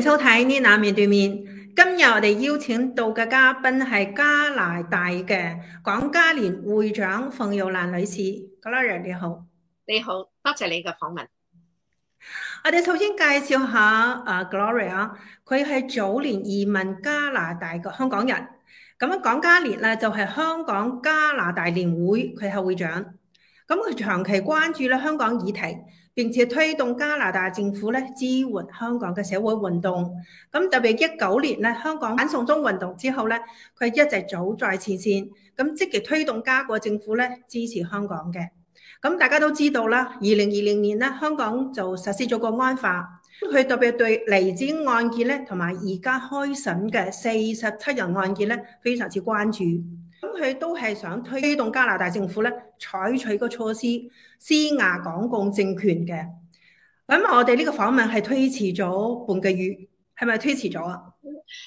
收睇呢，Nina 面對面。今日我哋邀請到嘅嘉賓係加拿大嘅港加聯會長馮玉蘭女士，Gloria 你好，你好，多謝你嘅訪問。我哋首先介紹下啊 Gloria，佢係早年移民加拿大嘅香港人。咁樣港加聯咧就係香港加拿大聯會，佢係會長。咁佢長期關注咧香港議題。並且推動加拿大政府咧支援香港嘅社會運動。咁特別一九年咧，香港反送中運動之後咧，佢一直走在前線，咁積極推動加國政府咧支持香港嘅。咁大家都知道啦，二零二零年咧，香港就實施咗國安法，佢特別對黎智英案件咧同埋而家開審嘅四十七人案件咧非常之關注。咁佢都係想推動加拿大政府咧採取個措施施壓港共政權嘅。咁我哋呢個訪問係推遲咗半個月，係咪推遲咗啊？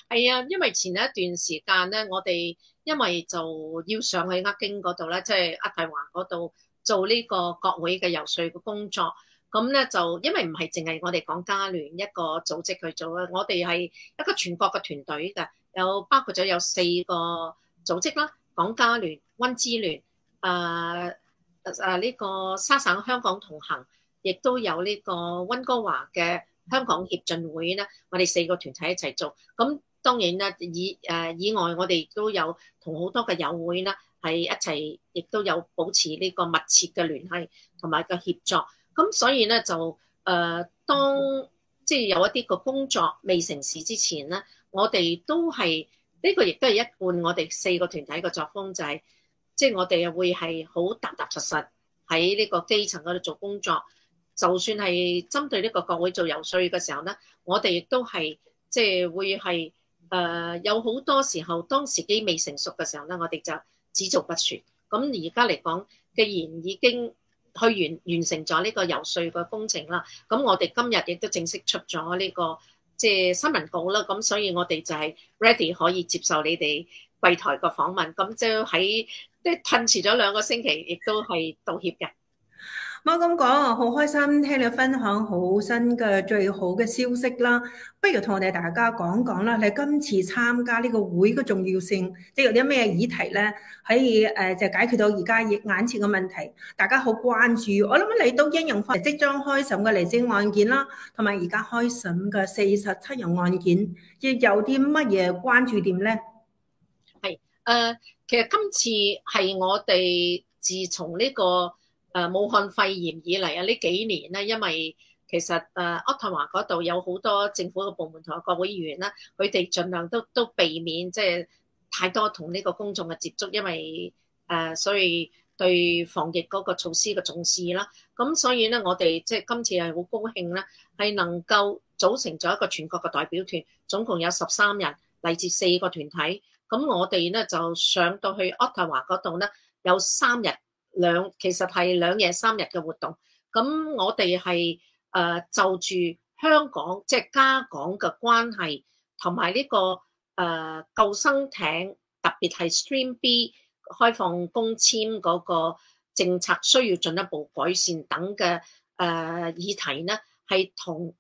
係啊，因為前一段時間咧，我哋因為就要上去渥京嗰度咧，即係渥太華嗰度做呢個國會嘅遊說嘅工作。咁咧就因為唔係淨係我哋港加聯一個組織去做啊，我哋係一個全國嘅團隊嘅，有包括咗有四個組織啦。港加聯、温支聯，誒誒呢個沙省香港同行，亦都有呢個温哥華嘅香港協進會呢，我哋四個團體一齊做，咁當然啦，以誒、啊、以外，我哋都有同好多嘅友會呢，係一齊，亦都有保持呢個密切嘅聯繫同埋個協作。咁所以呢，就誒、啊，當即係、就是、有一啲個工作未成事之前呢，我哋都係。呢個亦都係一貫我哋四個團體嘅作風，就係即係我哋會係好踏踏實實喺呢個基層嗰度做工作。就算係針對呢個國會做遊説嘅時候咧，我哋亦都係即係會係誒有好多時候，當時機未成熟嘅時候咧，我哋就只做不說。咁而家嚟講，既然已經去完完成咗呢個遊説嘅工程啦，咁我哋今日亦都正式出咗呢個。即新聞稿啦，咁所以我哋就係 ready 可以接受你哋櫃台個訪問，咁就喺即褪遲咗兩個星期，亦都係道歉嘅。冇咁講，好開心聽你分享好新嘅最好嘅消息啦！不如同我哋大家講講啦，你今次參加呢個會嘅重要性，即係有啲咩議題咧，可以就解決到而家眼前嘅問題。大家好關注，我諗你都應用翻即將開審嘅離職案件啦，同埋而家開審嘅四十七人案件，亦有啲乜嘢關注點咧？係誒、呃，其實今次係我哋自從呢、呢個。誒，武漢肺炎以嚟啊，呢幾年咧，因為其實誒渥太華嗰度有好多政府嘅部門同埋國會議員啦，佢哋盡量都都避免即係太多同呢個公眾嘅接觸，因為誒，所以對防疫嗰個措施嘅重視啦。咁所以咧，我哋即係今次係好高興啦，係能夠組成咗一個全國嘅代表團，總共有十三人，嚟自四個團體。咁我哋咧就上到去渥太華嗰度咧，有三日。兩其實係兩夜三日嘅活動，咁我哋係誒就住香港即係、就是、加港嘅關係，同埋呢個誒、呃、救生艇，特別係 Stream B 開放公簽嗰個政策需要進一步改善等嘅誒、呃、議題呢係同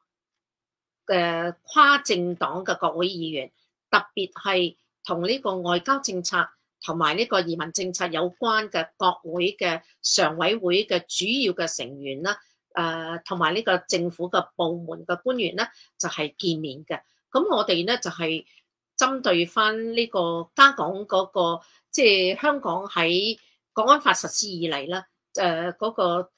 誒跨政黨嘅各位議員，特別係同呢個外交政策，同埋呢個移民政策有關嘅國會嘅常委會嘅主要嘅成員啦，誒同埋呢個政府嘅部門嘅官員咧，就係見面嘅。咁我哋咧就係針對翻呢個加港嗰個，即係香港喺《國安法》實施以嚟啦，誒嗰個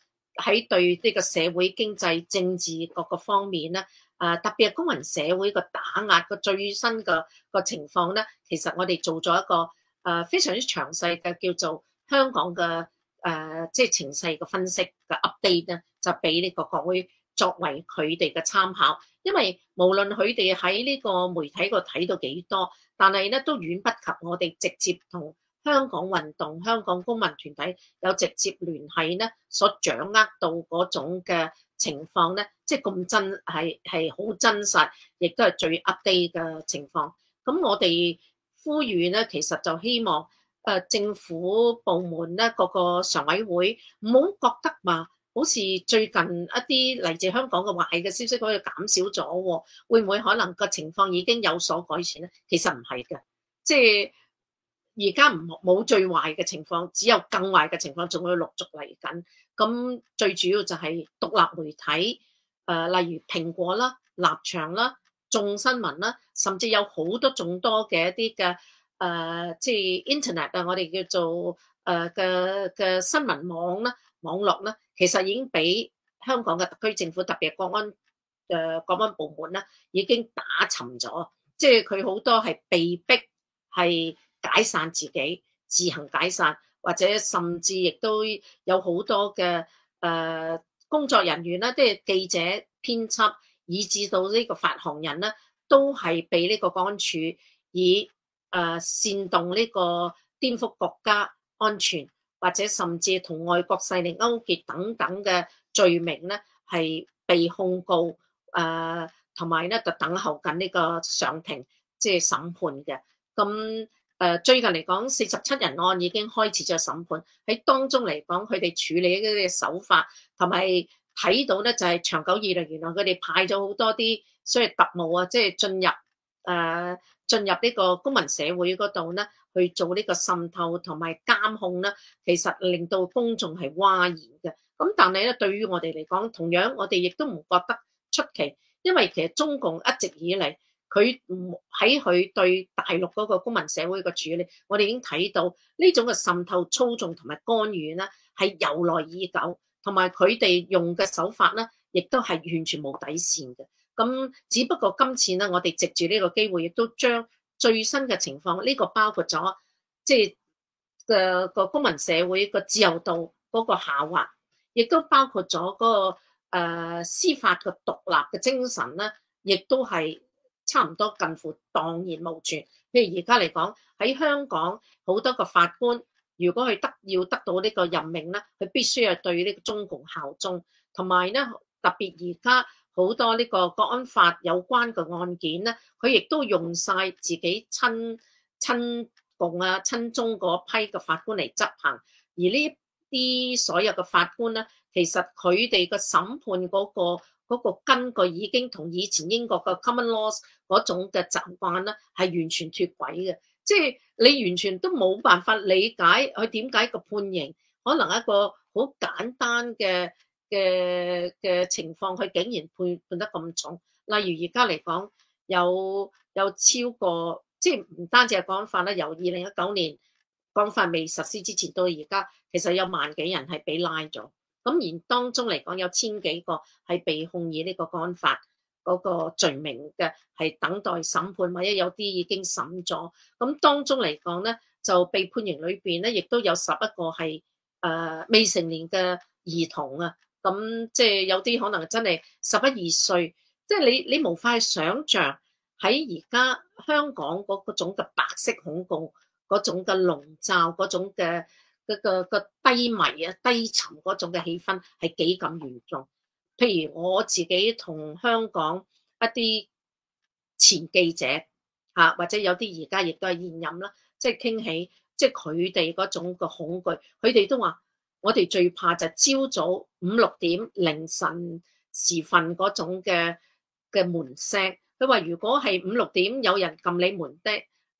喺對呢個社會經濟政治各個方面咧，誒特別係公民社會個打壓個最新個個情況咧，其實我哋做咗一個。誒非常之詳細嘅叫做香港嘅誒即係情勢嘅分析嘅 update 咧，就俾呢個國會作為佢哋嘅參考。因為無論佢哋喺呢個媒體度睇到幾多少但是呢，但係咧都遠不及我哋直接同香港運動、香港公民團體有直接聯繫咧，所掌握到嗰種嘅情況咧，即係咁真係係好真實，亦都係最 update 嘅情況。咁我哋。呼籲咧，其實就希望誒政府部門咧，各個常委會唔好覺得話，好似最近一啲嚟自香港嘅壞嘅消息嗰度減少咗喎，會唔會可能個情況已經有所改善咧？其實唔係嘅，即係而家唔冇最壞嘅情況，只有更壞嘅情況仲會陸續嚟緊。咁最主要就係獨立媒體誒，例如蘋果啦、立場啦、眾新聞啦，甚至有好多眾多嘅一啲嘅誒，即係 Internet 啊，我哋叫做誒嘅嘅新聞網啦，網絡啦，其實已經俾香港嘅特區政府，特別係國安誒國、呃、安部門啦，已經打沉咗，即係佢好多係被逼係解散自己，自行解散，或者甚至亦都有好多嘅誒、呃、工作人員啦，即係記者編輯。以至到呢個發行人咧，都係被呢個國安處以誒、呃、煽動呢個顛覆國家安全，或者甚至同外國勢力勾結等等嘅罪名咧，係被控告誒，同埋咧就等候緊呢個上庭即係、就是、審判嘅。咁誒、呃、最近嚟講，四十七人案已經開始咗審判，喺當中嚟講，佢哋處理嘅手法同埋。睇到咧就係長久以嚟，原來佢哋派咗好多啲所謂特務啊，即係進入誒進入呢個公民社會嗰度咧，去做呢個滲透同埋監控咧，其實令到公眾係譁然嘅。咁但係咧，對於我哋嚟講，同樣我哋亦都唔覺得出奇，因為其實中共一直以嚟佢喺佢對大陸嗰個公民社會嘅處理，我哋已經睇到呢種嘅滲透、操縱同埋干預咧，係由來已久。同埋佢哋用嘅手法咧，亦都係完全冇底線嘅。咁只不過今次咧，我哋藉住呢個機會，亦都將最新嘅情況，呢個包括咗即係嗰個公民社會個自由度嗰個下滑，亦都包括咗嗰個司法嘅獨立嘅精神咧，亦都係差唔多近乎蕩然無存。譬如而家嚟講，喺香港好多個法官。如果佢得要得到呢個任命咧，佢必須係對呢個中共效忠，同埋咧特別而家好多呢個國安法有關嘅案件咧，佢亦都用晒自己親親共啊親中嗰批嘅法官嚟執行，而呢啲所有嘅法官咧，其實佢哋嘅審判嗰個嗰個根據已經同以前英國嘅 common law 嗰種嘅習慣咧係完全脱軌嘅。即係你完全都冇辦法理解佢點解個判刑可能一個好簡單嘅嘅嘅情況，佢竟然判判得咁重。例如而家嚟講，有有超過，即係唔單止係國安法啦，由二零一九年國安法未實施之前到而家，其實有萬幾人係被拉咗。咁而當中嚟講，有千幾個係被控以呢個國安法。嗰個罪名嘅係等待審判，或者有啲已經審咗。咁當中嚟講咧，就被判刑裏邊咧，亦都有十一個係誒未成年嘅兒童啊。咁即係有啲可能真係十一二歲，即係你你無法想象喺而家香港嗰種嘅白色恐怖，嗰種嘅籠罩，嗰種嘅嗰個個低迷啊、低沉嗰種嘅氣氛係幾咁嚴重。譬如我自己同香港一啲前記者吓，或者有啲而家亦都係現任啦，即係傾起，即係佢哋嗰種嘅恐懼，佢哋都話：我哋最怕就朝早五六點凌晨時分嗰種嘅嘅門聲。佢話如果係五六點有人撳你門的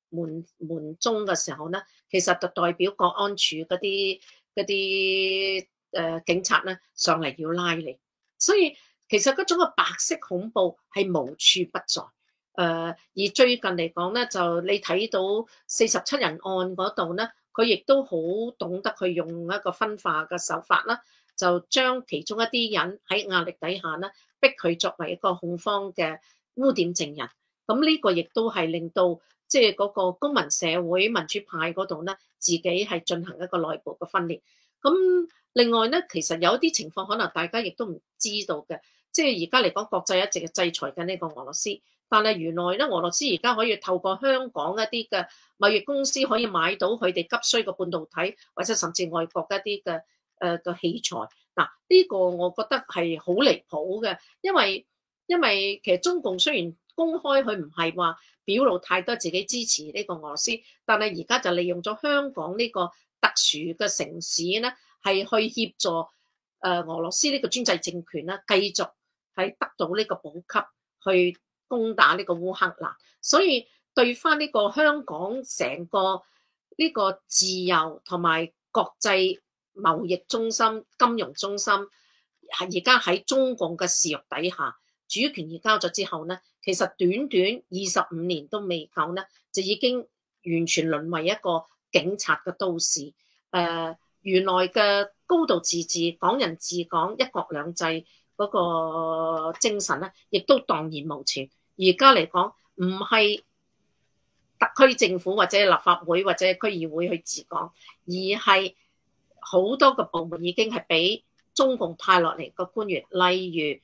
門門鐘嘅時候咧，其實就代表國安處嗰啲嗰啲誒警察咧上嚟要拉你。所以其實嗰種嘅白色恐怖係無處不在，誒，而最近嚟講咧，就你睇到四十七人案嗰度咧，佢亦都好懂得去用一個分化嘅手法啦，就將其中一啲人喺壓力底下咧，逼佢作為一個控方嘅污點證人，咁呢個亦都係令到即係嗰個公民社會民主派嗰度咧，自己係進行一個內部嘅分裂，咁。另外咧，其實有啲情況可能大家亦都唔知道嘅，即係而家嚟講，國際一直制裁緊呢個俄羅斯，但係原來咧，俄羅斯而家可以透過香港一啲嘅貿易公司，可以買到佢哋急需嘅半導體，或者甚至外國一啲嘅誒嘅器材。嗱，呃，呢個我覺得係好離譜嘅，因為因為其實中共雖然公開佢唔係話表露太多自己支持呢個俄羅斯，但係而家就利用咗香港呢個特殊嘅城市咧。係去協助誒俄羅斯呢個專制政權啦，繼續喺得到呢個補給去攻打呢個烏克蘭，所以對翻呢個香港成個呢個自由同埋國際貿易中心、金融中心，係而家喺中共嘅視域底下，主權移交咗之後咧，其實短短二十五年都未夠咧，就已經完全淪為一個警察嘅都市誒。原來嘅高度自治、港人治港、一國兩制嗰個精神咧，亦都蕩然無存。而家嚟講，唔係特區政府或者立法會或者區議會去治港，而係好多個部門已經係俾中共派落嚟個官員。例如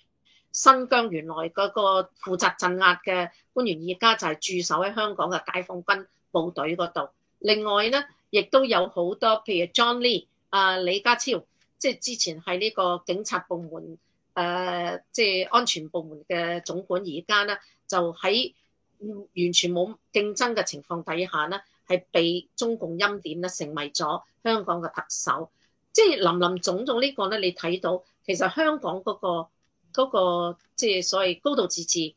新疆原來嗰個負責鎮壓嘅官員，而家就係駐守喺香港嘅解放軍部隊嗰度。另外咧，亦都有好多譬如 John Lee。啊，李家超即係之前係呢個警察部門誒，即係安全部門嘅總管，而家咧就喺完全冇競爭嘅情況底下咧，係被中共欽點咧，成為咗香港嘅特首。即係林林總總呢個咧，你睇到其實香港嗰個嗰個即係所謂高度自治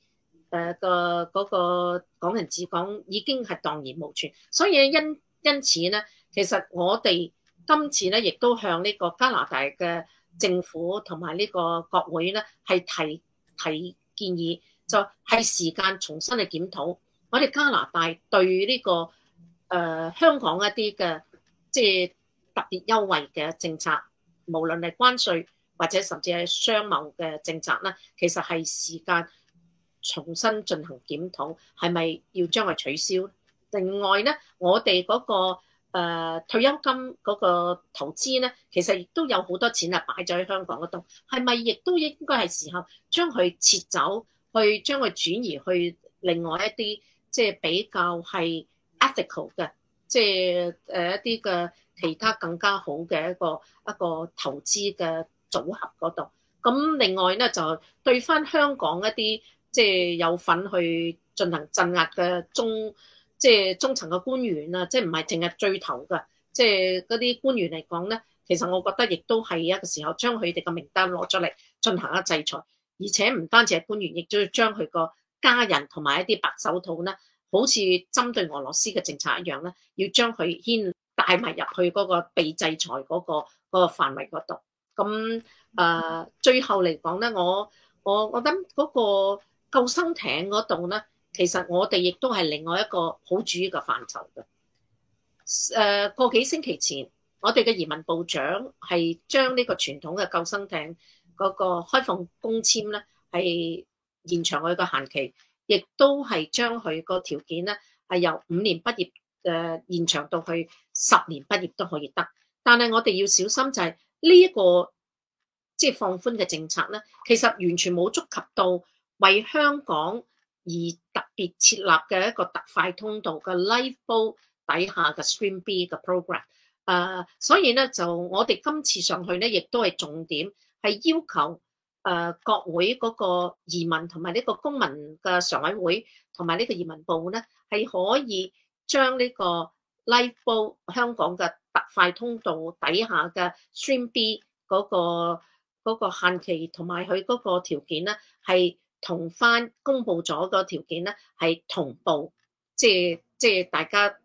誒個嗰個港人治港已經係蕩然無存，所以因因此咧，其實我哋。今次咧，亦都向呢個加拿大嘅政府同埋呢個國會咧，係提提建議，就係時間重新去檢討我哋加拿大對呢、這個誒、呃、香港一啲嘅即係特別優惠嘅政策，無論係關稅或者甚至係商貿嘅政策呢，其實係時間重新進行檢討，係咪要將佢取消？另外咧，我哋嗰、那個。誒、呃、退休金嗰個投資咧，其實亦都有好多錢啊，擺咗喺香港嗰度，係咪亦都應該係時候將佢撤走，去將佢轉移去另外一啲即係比較係 ethical 嘅，即係誒一啲嘅其他更加好嘅一個一個投資嘅組合嗰度。咁另外咧就對翻香港一啲即係有份去進行鎮壓嘅中。即係中層嘅官員啊，即係唔係淨係最頭㗎，即係嗰啲官員嚟講咧，其實我覺得亦都係一個時候將佢哋嘅名單攞出嚟進行一制裁，而且唔單止係官員，亦都要將佢個家人同埋一啲白手套咧，好似針對俄羅斯嘅政策一樣咧，要將佢牽帶埋入去嗰個被制裁嗰個嗰個範圍嗰度。咁誒、呃，最後嚟講咧，我我，我覺得嗰個救生艇嗰度咧。其實我哋亦都係另外一個好主要嘅範疇嘅。誒，個幾星期前，我哋嘅移民部長係將呢個傳統嘅救生艇嗰個開放工簽咧，係延長佢個限期，亦都係將佢個條件咧係由五年畢業延長到去十年畢業都可以得。但係我哋要小心就係呢一個即係放寬嘅政策咧，其實完全冇觸及到為香港。而特別設立嘅一個特快通道嘅 lifeboat 底下嘅 stream B 嘅 program，誒，所以咧就我哋今次上去咧，亦都係重點係要求各國會嗰個移民同埋呢個公民嘅常委會同埋呢個移民部咧，係可以將呢個 lifeboat 香港嘅特快通道底下嘅 stream B 嗰個嗰個限期同埋佢嗰個條件咧係。同翻公布咗個條件咧，係同步，即係即係大家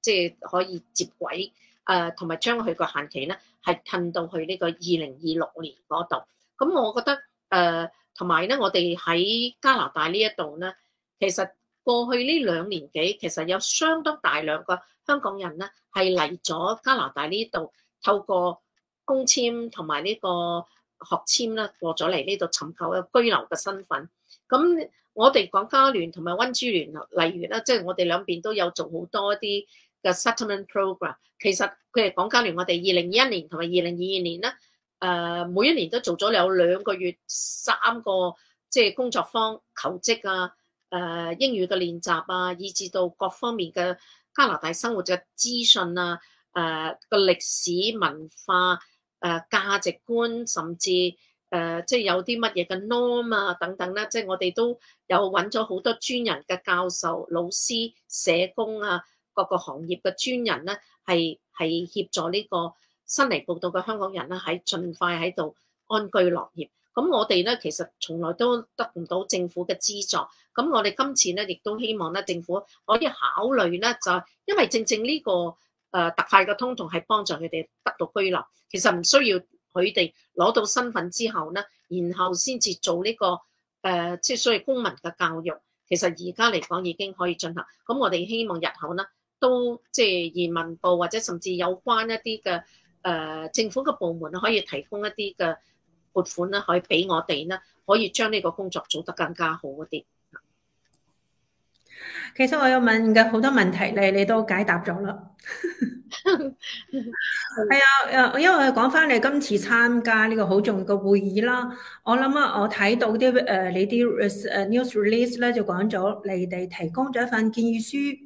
即係，就是，可以接軌，呃，同埋將佢個限期咧係褪到去呢個二零二六年嗰度。咁我覺得誒，同埋咧，我哋喺加拿大呢一度咧，其實過去呢兩年幾，其實有相當大量嘅香港人咧係嚟咗加拿大呢度，透過公簽同埋呢個。學簽啦，過咗嚟呢度尋求嘅居留嘅身份。咁我哋港加聯同埋溫珠聯例如啦，即係我哋兩邊都有做好多啲嘅 settlement program。其實佢哋港加聯我哋二零二一年同埋二零二二年咧，誒每一年都做咗有兩個月三個，即係工作坊求職啊，誒英語嘅練習啊，以至到各方面嘅加拿大生活嘅資訊啊，誒個歷史文化。誒、啊、價值觀，甚至誒即係有啲乜嘢嘅 norm 啊等等啦。即、就、係、是、我哋都有揾咗好多專人嘅教授、老師、社工啊，各個行業嘅專人咧，係係協助呢個新嚟報道嘅香港人咧，喺盡快喺度安居樂業。咁我哋咧其實從來都得唔到政府嘅資助，咁我哋今次咧亦都希望咧政府，可以考慮咧就係因為正正呢、這個。誒特快嘅通道係幫助佢哋得到居留，其實唔需要佢哋攞到身份之後咧，然後先至做呢個誒，即係所謂公民嘅教育，其實而家嚟講已經可以進行。咁我哋希望日後咧，都即係移民部或者甚至有關一啲嘅誒政府嘅部門，可以提供一啲嘅撥款咧，可以俾我哋咧，可以將呢個工作做得更加好啲。其實我有問嘅好多問題咧，你都解答咗啦。係啊，誒，因為講返你今次參加呢個好重要嘅會議啦，我諗啊，我睇到啲誒你啲誒 news release 咧就講咗，你哋提供咗一份建議書，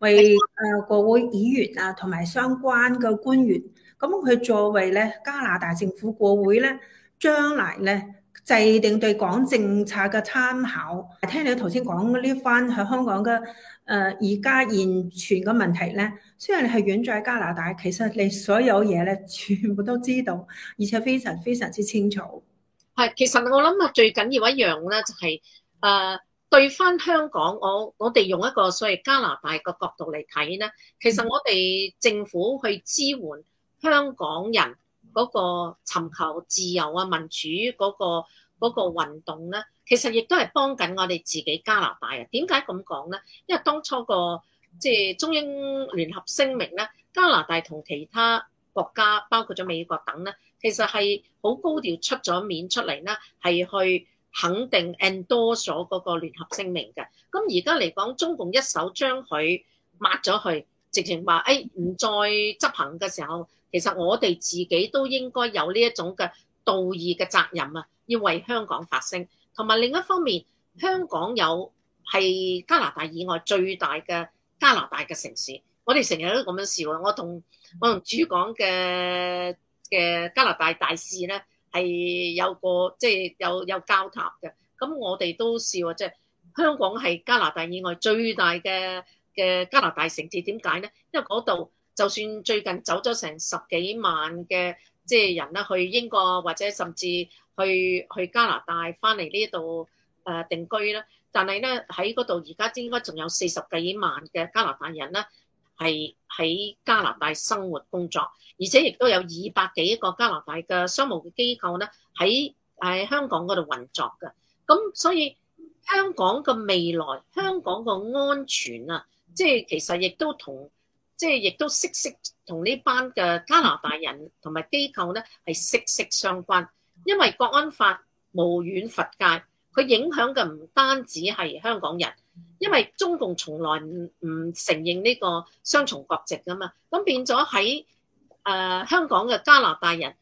為誒國會議員啊同埋相關嘅官員，咁佢作為咧加拿大政府國會咧將嚟咧，制定對港政策嘅參考，聽你頭先講呢番喺香港嘅，誒而家現存嘅問題咧，雖然你係遠在加拿大，其實你所有嘢咧全部都知道，而且非常非常之清楚。係，其實我諗啊，最緊要一樣咧就係、是、誒、呃、對翻香港，我我哋用一個所謂加拿大嘅角度嚟睇咧，其實我哋政府去支援香港人。嗰個尋求自由啊、民主嗰個嗰個運動咧，其實亦都係幫緊我哋自己加拿大啊！點解咁講咧？因為當初個即係中英聯合聲明咧，加拿大同其他國家，包括咗美國等咧，其實係好高調出咗面出嚟啦，係去肯定 endorse 咗嗰個聯合聲明嘅。咁而家嚟講，中共一手將佢抹咗去，直情話誒唔再執行嘅時候。其實我哋自己都應該有呢一種嘅道義嘅責任啊，要為香港發聲。同埋另一方面，香港有係加拿大以外最大嘅加拿大嘅城市。我哋成日都咁樣笑啊，我同我同駐港嘅嘅加拿大大使咧係有個即係有有交談嘅。咁我哋都笑啊，即係香港係加拿大以外最大嘅嘅加拿大城市。點解咧？因為嗰度。就算最近走咗成十幾萬嘅即係人啦，去英國或者甚至去去加拿大翻嚟呢度定居啦，但係咧喺嗰度而家應該仲有四十幾萬嘅加拿大人咧，係喺加拿大生活工作，而且亦都有二百幾個加拿大嘅商務機構咧喺香港嗰度運作㗎。咁所以香港嘅未來，香港嘅安全啊，即係其實亦都同。即係亦都息息同呢班嘅加拿大人同埋機構咧係息息相關，因為國安法無遠弗屆。佢影響嘅唔單止係香港人，因為中共從來唔唔承認呢個雙重國籍噶嘛，咁變咗喺誒香港嘅加拿大人，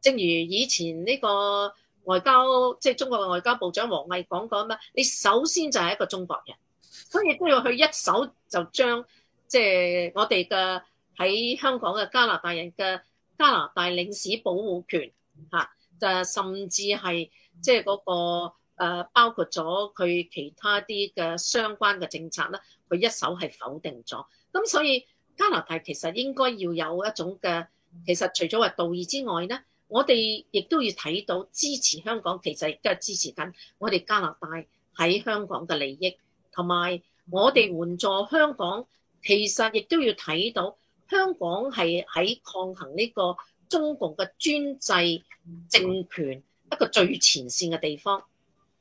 正如以前呢個外交，即係中國嘅外交部長王毅講過啊嘛，你首先就係一個中國人，所以都要去一手就將。即係我哋嘅喺香港嘅加拿大人嘅加拿大領事保護權嚇，就甚至係即係嗰個誒包括咗佢其他啲嘅相關嘅政策咧，佢一手係否定咗。咁所以加拿大其實應該要有一種嘅，其實除咗話道義之外咧，我哋亦都要睇到支持香港，其實亦都係支持緊我哋加拿大喺香港嘅利益，同埋我哋援助香港，其實亦都要睇到香港係喺抗衡呢個中共嘅專制政權一個最前線嘅地方。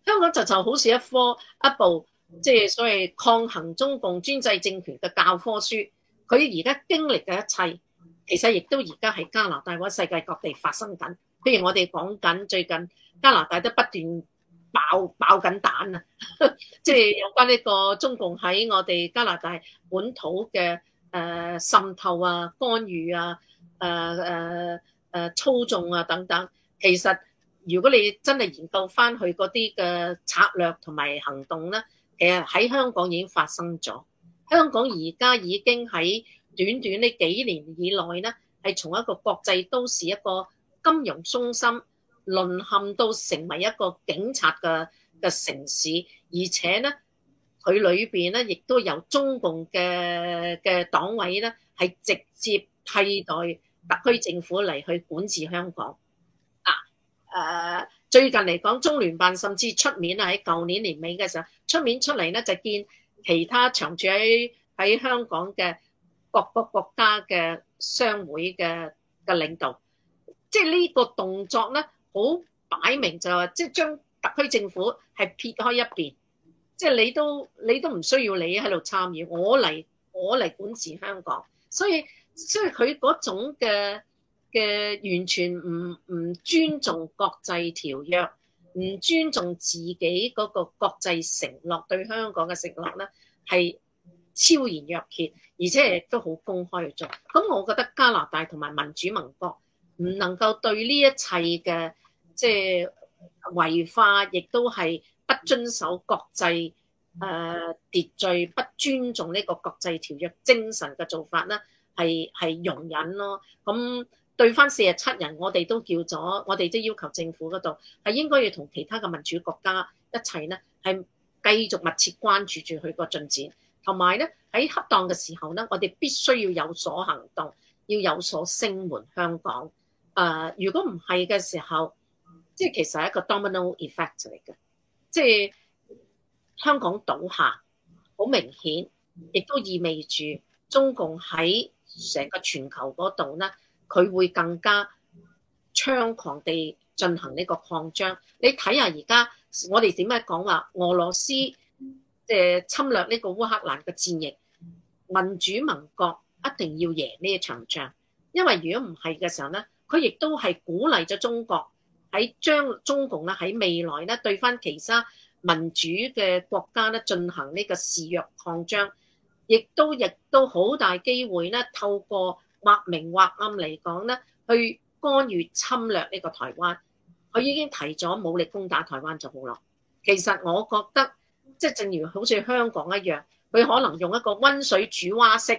香港就就好似一科一部，即係所謂抗衡中共專制政權嘅教科書。佢而家經歷嘅一切，其實亦都而家喺加拿大或者世界各地發生緊。譬如我哋講緊最近加拿大都不斷。爆爆緊彈啊！即係有關呢個中共喺我哋加拿大本土嘅誒、呃、滲透啊、干預啊、誒誒誒操縱啊等等。其實如果你真係研究翻佢嗰啲嘅策略同埋行動咧，其實喺香港已經發生咗。香港而家已經喺短短呢幾年以內咧，係從一個國際都市一個金融中心，淪陷到成為一個警察嘅嘅城市，而且呢，佢裏邊呢亦都由中共嘅嘅黨委呢係直接替代特區政府嚟去管治香港。啊，誒最近嚟講，中聯辦甚至出面啊，喺舊年年尾嘅時候出面出嚟呢，就見其他長駐喺喺香港嘅各個國家嘅商會嘅嘅領導，即係呢個動作呢。好擺明就話，即係將特區政府係撇開一邊，即係你都你都唔需要你喺度參與，我嚟，我嚟我嚟管治香港。所以所以佢嗰種嘅嘅完全唔唔尊重國際條約，唔尊重自己嗰個國際承諾、對香港嘅承諾咧，係昭然若揭，而且亦都好公開去做。咁我覺得加拿大同埋民主盟國唔能夠對呢一切嘅。即係違法，亦都係不遵守國際誒秩序，不尊重呢個國際條約精神嘅做法啦，係係容忍咯。咁對翻四十七人，我哋都叫咗，我哋即要求政府嗰度係應該要同其他嘅民主國家一齊呢係繼續密切關注住佢個進展，同埋咧喺恰當嘅時候咧，我哋必須要有所行動，要有所聲援香港。呃，如果唔係嘅時候，即係其實係一個 domino effect 嚟嘅，即係香港倒下好明顯，亦都意味住中共喺成個全球嗰度咧，佢會更加猖狂地進行呢個擴張。你睇下而家我哋點解講話俄羅斯嘅侵略呢個烏克蘭嘅戰役，民主盟國一定要贏呢場仗，因為如果唔係嘅時候咧，佢亦都係鼓勵咗中國。喺將中共咧喺未來咧對翻其他民主嘅國家咧進行呢個示弱擴張，亦都亦都好大機會咧透過或明或暗嚟講咧去干預侵略呢個台灣。佢已經提咗武力攻打台灣就好啦。其實我覺得即係正如好似香港一樣，佢可能用一個温水煮蛙式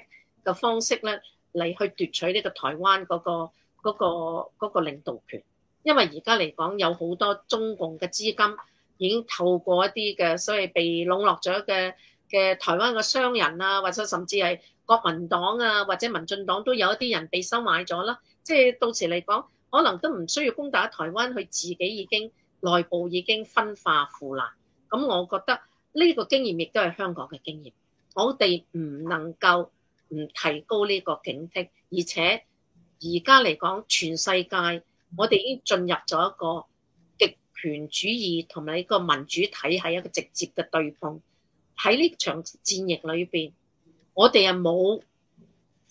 嘅方式咧嚟去奪取呢個台灣嗰個嗰個嗰個嗰個領導權。因為而家嚟講有好多中共嘅資金已經透過一啲嘅，所謂被籠絡咗嘅嘅台灣嘅商人啊，或者甚至係國民黨啊，或者民進黨都有一啲人被收買咗啦。即係到時嚟講，可能都唔需要攻打台灣，佢自己已經內部已經分化腐爛。咁我覺得呢個經驗亦都係香港嘅經驗，我哋唔能夠唔提高呢個警惕，而且而家嚟講全世界。我哋已經進入咗一個極權主義同埋一個民主體系一個直接嘅對碰。喺呢場戰役裏面，我哋又冇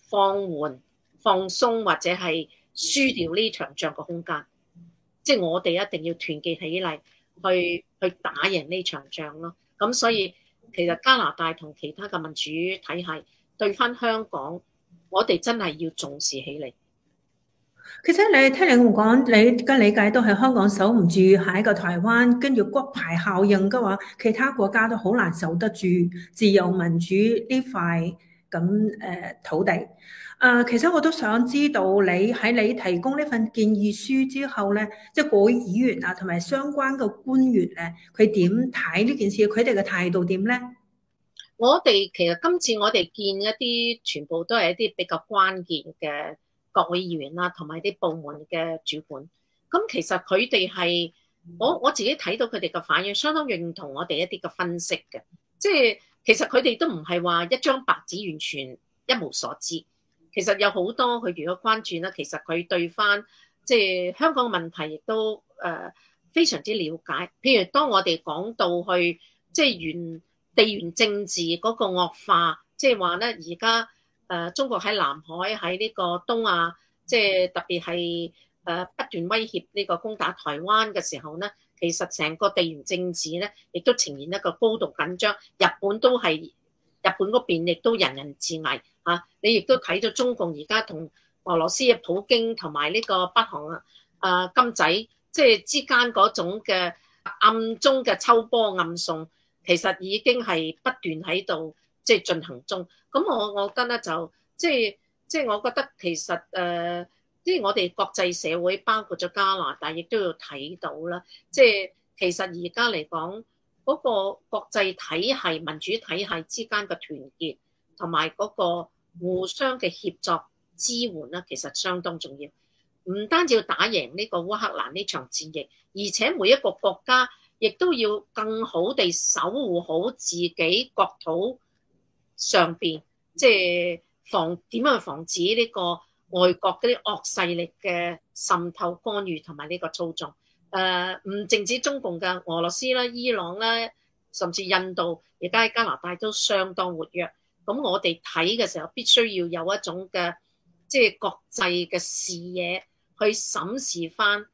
放緩、放鬆或者係輸掉呢場仗嘅空間。即係我哋一定要團結起嚟，去去打贏呢場仗咯。咁所以其實加拿大同其他嘅民主體系對翻香港，我哋真係要重視起嚟。其實你聽你講，你嘅理解都係香港守唔住下一個台灣，跟住骨牌效應嘅話，其他國家都好難守得住自由民主呢塊咁誒土地。啊，其實我都想知道你喺你提供呢份建議書之後咧，即係各位議員啊，同埋相關嘅官員咧，佢點睇呢件事？佢哋嘅態度點咧？我哋其實今次我哋見一啲，全部都係一啲比較關鍵嘅。國會議員啦，同埋啲部門嘅主管，咁其實佢哋係我我自己睇到佢哋嘅反應，相當認同我哋一啲嘅分析嘅。即係其實佢哋都唔係話一張白紙，完全一無所知。其實有好多佢如果關注啦，其實佢對返即係香港問題亦都誒非常之了解。譬如當我哋講到去即係原地緣政治嗰個惡化，即係話咧而家。誒、啊，中國喺南海喺呢個東亞，即係特別係誒不斷威脅呢個攻打台灣嘅時候咧，其實成個地緣政治咧，亦都呈現一個高度緊張。日本都係日本嗰邊，亦都人人自危嚇、啊。你亦都睇到中共而家同俄羅斯嘅普京同埋呢個北韓啊金仔，即係之間嗰種嘅暗中嘅秋波暗送，其實已經係不斷喺度。即係進行中，咁我我覺得咧就即係即係，即係即係、我覺得其實誒，即、呃、係、即係、我哋國際社會包括咗加拿大，亦都要睇到啦。即、就、係、係、其實而家嚟講，嗰、嗰個國際體系、民主體系之間嘅團結同埋嗰個互相嘅協作支援啦，其實相當重要。唔單止要打贏呢個烏克蘭呢場戰役，而且每一個國家亦都要更好地守護好自己國土。上邊即係防點樣防止呢個外國嗰啲惡勢力嘅滲透、干預同埋呢個操縱？誒，唔淨止中共嘅俄羅斯啦、伊朗啦，甚至印度而家喺加拿大都相當活躍。咁我哋睇嘅時候，必須要有一種嘅即係國際嘅視野去審視返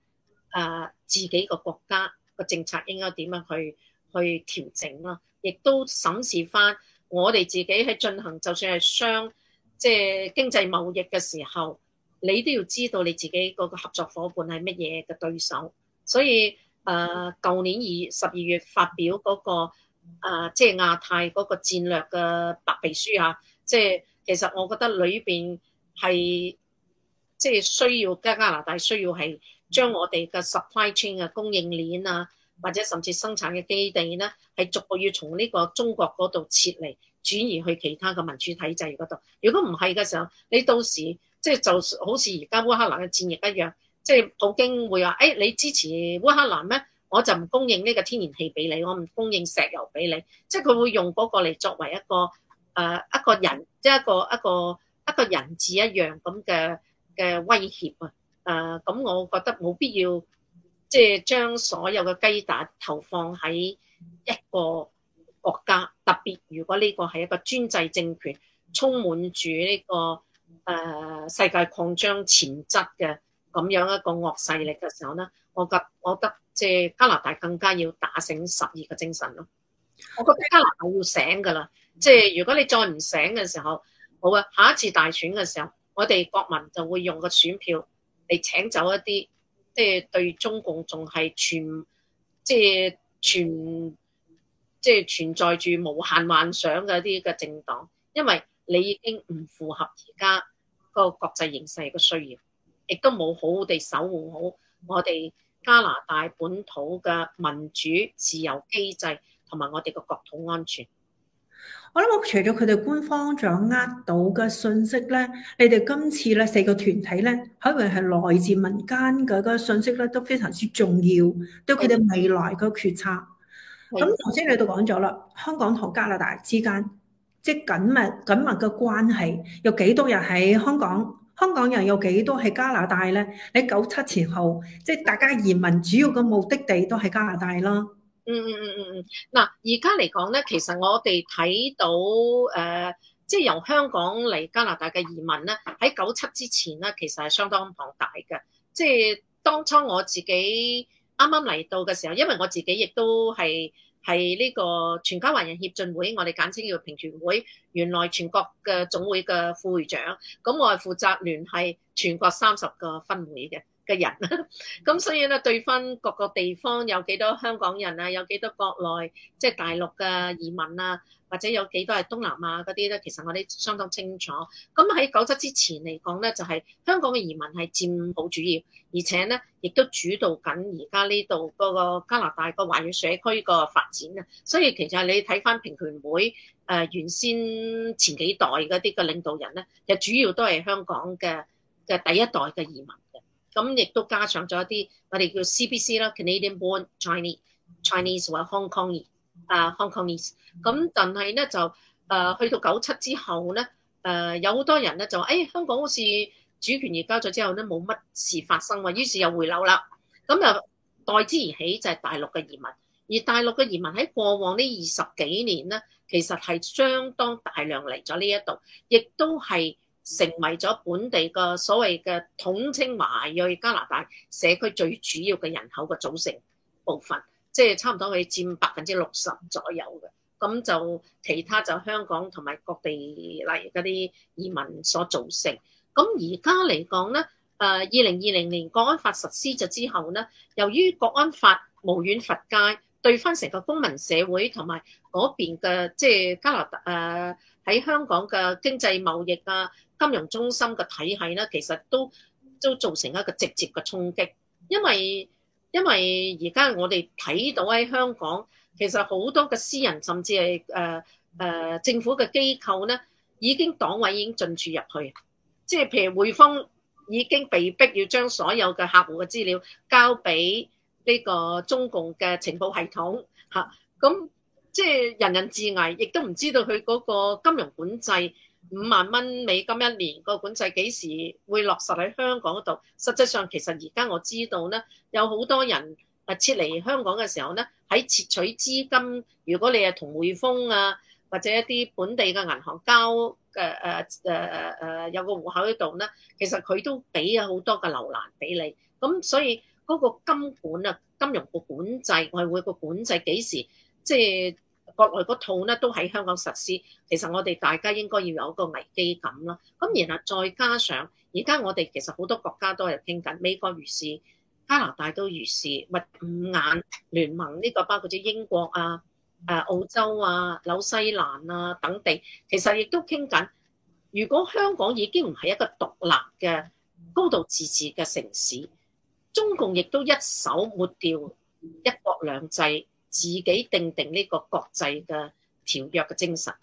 誒自己個國家個政策應該點樣去去調整咯，亦都審視返。我哋自己喺進行，就算係商，即、就、係、是、經濟貿易嘅時候，你都要知道你自己嗰個合作伙伴係乜嘢嘅對手。所以，誒、呃，舊年二十二月發表嗰、那個即係、呃就是、亞太嗰個戰略嘅白皮書嚇，即、就、係、是、其實我覺得裏邊係即係需要加加拿大需要係將我哋嘅 supply chain 嘅供應鏈啊。或者甚至生產嘅基地咧，係逐步要從呢個中國嗰度撤離，轉移去其他嘅民主體制嗰度。如果唔係嘅時候，你到時即係就好似而家烏克蘭嘅戰役一樣，即係普京會話，誒、哎、你支持烏克蘭咩？我就唔供應呢個天然氣俾你，我唔供應石油俾你。即係佢會用嗰個嚟作為一個誒、呃、一個人，即、就、係、是、一個一個一個人質一樣咁嘅嘅威脅啊！誒、呃、咁，我覺得冇必要。即係將所有嘅雞蛋投放喺一個國家，特別如果呢個係一個專制政權，充滿住呢個誒世界擴張潛質嘅咁樣一個惡勢力嘅時候咧，我覺得我覺得即係加拿大更加要打醒十二個精神咯。我覺得加拿大要醒噶啦，即係如果你再唔醒嘅時候，好啊，下一次大選嘅時候，我哋國民就會用個選票嚟請走一啲，即係對中共仲係存，即係存，即係存在住無限幻想嘅一啲嘅政黨，因為你已經唔符合而家個國際形勢嘅需要，亦都冇好好地守護好我哋加拿大本土嘅民主自由機制，同埋我哋嘅國土安全。我諗我除咗佢哋官方掌握到嘅信息咧，你哋今次咧四個團體咧，可謂係來自民間嘅個信息咧都非常之重要，對佢哋未來個決策。咁頭先你都講咗啦，香港同加拿大之間即緊密緊密嘅關係，有幾多人喺香港？香港人有幾多喺加拿大咧？喺九七前後，即大家移民主要嘅目的地都係加拿大啦。嗯嗯嗯嗯嗯，嗱、嗯，而家嚟講咧，其實我哋睇到誒，即、呃、係、就是、由香港嚟加拿大嘅移民咧，喺九七之前咧，其實係相當龐大嘅。即、就、係、是、當初我自己啱啱嚟到嘅時候，因為我自己亦都係係呢個全加華人協進會，我哋簡稱叫平權會，原來全國嘅總會嘅副會長，咁我係負責聯繫全國三十個分會嘅。嘅的人啦，咁 所以咧，對翻各個地方有幾多香港人啊，有幾多國內即係、就是、大陸嘅移民啊，或者有幾多係東南亞嗰啲咧，其實我哋相當清楚。咁喺九七之前嚟講咧，就係、是、香港嘅移民係佔好主要，而且咧亦都主導緊而家呢度嗰個加拿大個華裔社區個發展啊。所以其實你睇翻平權會誒、呃、原先前幾代嗰啲嘅領導人咧，就主要都係香港嘅嘅、就是、第一代嘅移民。咁亦都加上咗一啲我哋叫 CBC 啦，Canadian-born Chinese, Chinese Hong Kong, Hong Kong、Chinese 或 Hong Kong 啊，Hong Kongese。咁但係咧就、呃、去到九七之後咧、呃，有好多人咧就誒、哎、香港好似主權移交咗之後咧冇乜事發生，於是又回流啦。咁又代之而起就係大陸嘅移民，而大陸嘅移民喺過往呢二十幾年咧，其實係相當大量嚟咗呢一度，亦都係。成為咗本地嘅所謂嘅統稱華裔加拿大社區最主要嘅人口嘅組成部分就是，即係差唔多可以佔百分之六十左右嘅。咁就其他就香港同埋各地，例如嗰啲移民所組成。咁而家嚟講咧，誒二零二零年國安法實施咗之後咧，由於國安法無遠弗屆，對翻成個公民社會同埋嗰邊嘅，即係加拿大誒喺香港嘅經濟貿易啊，金融中心嘅體系咧，其實都都造成一個直接嘅衝擊，因為因為而家我哋睇到喺香港，其實好多嘅私人甚至係誒誒政府嘅機構咧，已經黨委已經進駐入去，即係譬如匯豐已經被逼要將所有嘅客戶嘅資料交俾呢個中共嘅情報系統吓，咁即係人人自危，亦都唔知道佢嗰個金融管制。五萬蚊美金一年，個管制幾時會落實喺香港度？實際上其實而家我知道咧，有好多人撤離香港嘅時候咧，喺撤取資金，如果你係同匯豐啊或者一啲本地嘅銀行交嘅誒誒有個戶口喺度咧，其實佢都俾咗好多嘅留難俾你。咁所以嗰個金管啊，金融個管制，外匯個管制幾時即係？國內嗰套咧都喺香港實施，其實我哋大家應該要有一個危機感咯。咁然後再加上而家我哋其實好多國家都係傾緊，美國如是，加拿大都如是，五眼聯盟呢個包括咗英國啊、誒澳洲啊、紐西蘭啊等地，其實亦都傾緊。如果香港已經唔係一個獨立嘅高度自治嘅城市，中共亦都一手抹掉一國兩制。自己定定呢個國際嘅條約嘅精神，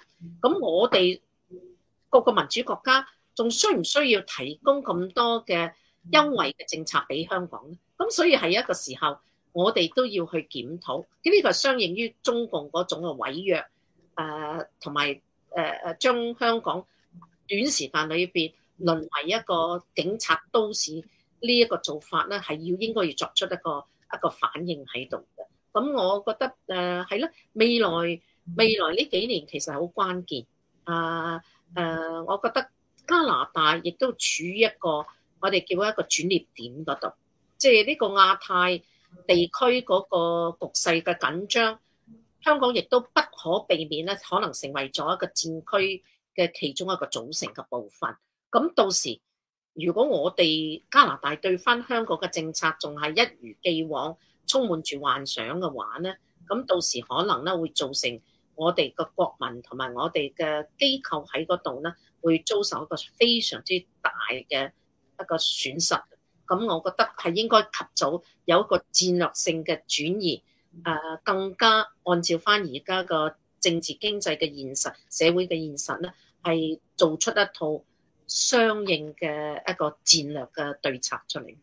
咁我哋各個民主國家仲需唔需要提供咁多嘅優惠嘅政策俾香港呢？咁所以係一個時候，我哋都要去檢討。咁、這、呢個相應於中共嗰種嘅違約，誒同埋誒誒將香港短時間裏邊淪為一個警察都市呢一個做法咧，係要應該要作出一個一個反應喺度。咁我覺得誒係囉，未來未來呢幾年其實好關鍵。啊誒，我覺得加拿大亦都處於一個我哋叫一個轉捩點嗰度，即係呢個亞太地區嗰個局勢嘅緊張，香港亦都不可避免咧，可能成為咗一個戰區嘅其中一個組成嘅部分。咁到時如果我哋加拿大對返香港嘅政策仲係一如既往，充滿住幻想嘅話咧，咁到時可能咧會造成我哋個國民同埋我哋嘅機構喺嗰度咧，會遭受一個非常之大嘅一個損失。咁我覺得係應該及早有一個戰略性嘅轉移，誒更加按照返而家個政治經濟嘅現實、社會嘅現實咧，係做出一套相應嘅一個戰略嘅對策出嚟。